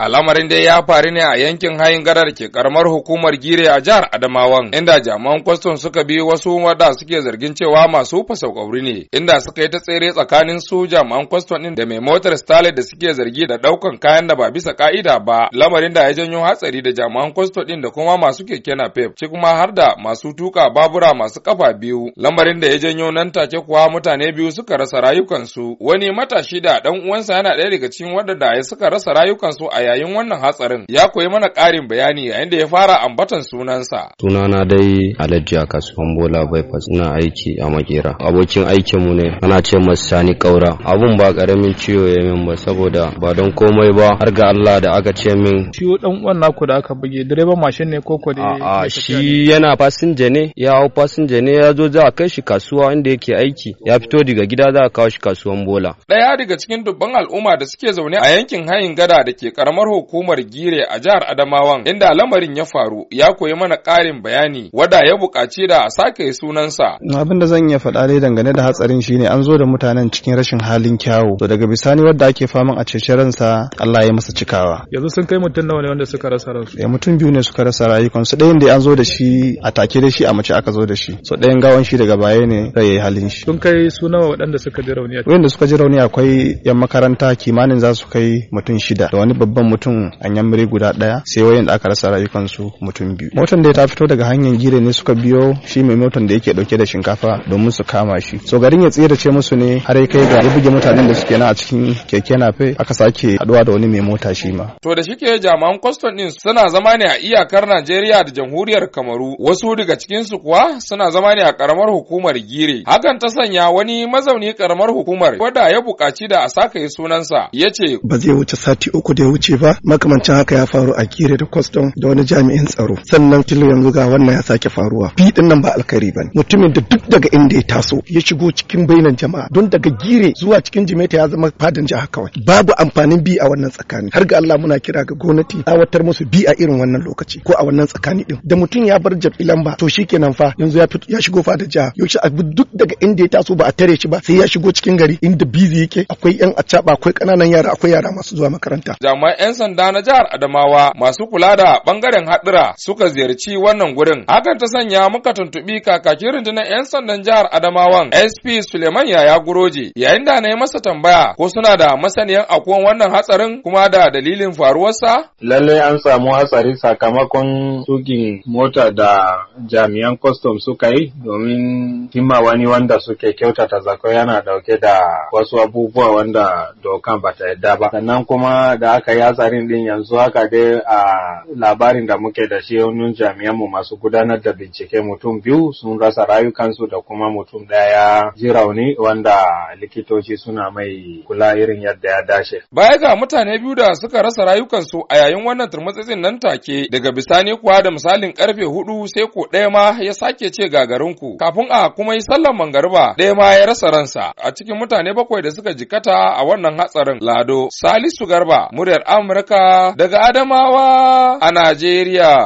Al'amarin dai ya faru ne a yankin hayin gadar ke karamar hukumar gire a jihar Adamawan, inda jami'an kwaston suka bi wasu wada suke zargin cewa masu fasaukauri ne, inda suka yi ta tsere tsakanin su jami'an kwaston din da mai motar stale da suke zargi da daukan kayan da ba bisa ka'ida ba, lamarin da ya janyo hatsari da jami'an kwaston din da kuma masu keke napep, ci kuma har da masu tuka babura masu kafa biyu, lamarin da ya janyo nan take kuwa mutane biyu suka rasa rayukansu, wani matashi da dan uwansa yana ɗaya daga cikin waɗanda ya suka rasa rayukansu a yayin wannan hatsarin ya koyi mana ƙarin bayani yayin da ya fara ambatan sunansa. Sunana dai Alhaji Akasu Bola Bypass ina aiki a Makera. Abokin aikin mu ne ana ce masa Sani Kaura. Abun ba karamin ciwo ya min ba saboda ba don komai ba har ga Allah da aka ce min. Ciwo dan uwan naku da aka buge direban mashin ne koko ne. A'a shi yana fasinja ne ya hau fasinja ne ya zo za a kai shi kasuwa inda yake aiki ya fito daga gida za a kawo shi kasuwan bola. Ɗaya daga cikin dubban al'umma da suke zaune a yankin hayin gada da ke karamar kamar hukumar Gire a jihar Adamawan inda lamarin ya faru ya koyi mana ƙarin bayani wada ya buƙaci da a sake sunansa. Abin da zan iya faɗa dai dangane da hatsarin shine an zo da mutanen cikin rashin halin kyawu to daga bisani wadda ake faman a cece ransa Allah ya masa cikawa. Yanzu sun kai mutum nawa ne wanda suka rasa ransu? Ya eh, mutum biyu ne suka rasa rayukansu ɗayan da an zo da shi a take da shi a mace aka zo da shi so ɗayan gawan shi daga baya ne ya yayi halin shi. Sun kai sunawa waɗanda suka ji rauni? a suka ji rauni akwai 'yan makaranta kimanin za su kai mutum shida da wani babban mutum a yammure guda daya sai wayan da aka rasa rayukansu mutum biyu motan da ta fito daga hanyar gire ne suka biyo shi mai motan da yake dauke da shinkafa domin su kama shi so garin ya tsira ce musu ne har kai ga ya buge mutanen da suke na a cikin keke na nafe aka sake haduwa da wani mai mota shi ma to da shike jami'an kwaston din suna zama ne a iyakar Najeriya da jamhuriyar Kamaru wasu daga cikin su kuwa suna zama ne a karamar hukumar gire hakan ta sanya wani mazauni karamar hukumar wanda ya buƙaci da a saka sunansa ya ce ba zai wuce sati uku da ya wuce ba makamancin haka ya faru a kire da kwaston da wani jami'in tsaro sannan kilo yanzu ga wannan ya sake faruwa bi din nan ba alkari bane mutumin da duk daga inda ya taso ya shigo cikin bainan jama'a don daga gire zuwa cikin jimeta ya zama fadin jiha kawai babu amfanin bi a wannan tsakani har ga Allah muna kira ga gwamnati tsawatar musu bi a irin wannan lokaci ko a wannan tsakani din da mutum ya bar jabi lamba to shikenan fa yanzu ya fito ya shigo fadin jiha yaushe abu duk daga inda ya taso ba a tare shi ba sai ya shigo cikin gari inda bizi yake akwai yan acaba akwai kananan yara akwai yara masu zuwa makaranta jama'a 'yan sanda na jihar Adamawa masu kula da bangaren haɗura suka ziyarci wannan gurin. Hakan ta sanya muka tuntuɓi kakakin rundunar 'yan sandan jihar Adamawan SP Suleiman Yaya Guroje yayin da na yi masa tambaya ko suna da masaniyan akwai wannan hatsarin kuma da dalilin faruwarsa. Lalle an samu hatsari sakamakon tukin mota da jami'an kwastom suka yi domin himma wani wanda suke kyautata zako yana dauke da wasu abubuwa wanda dokan bata yadda ba. Sannan kuma da aka yi tsarin din yanzu haka dai a labarin da muke da shi hannun jami'anmu masu gudanar da bincike mutum biyu sun rasa rayukansu da kuma mutum ɗaya ji rauni wanda likitoci suna mai kula irin yadda ya dace. Baya ga mutane biyu da suka rasa rayukansu a yayin wannan turmutsitsin nan take daga bisani kuwa da misalin karfe hudu sai ko ɗaya ma ya sake ce gagarinku kafin a kuma yi sallan mangariba ɗaya ma ya rasa ransa a cikin mutane bakwai da suka jikata a wannan hatsarin lado salisu garba muryar Amurka daga Adamawa a Najeriya.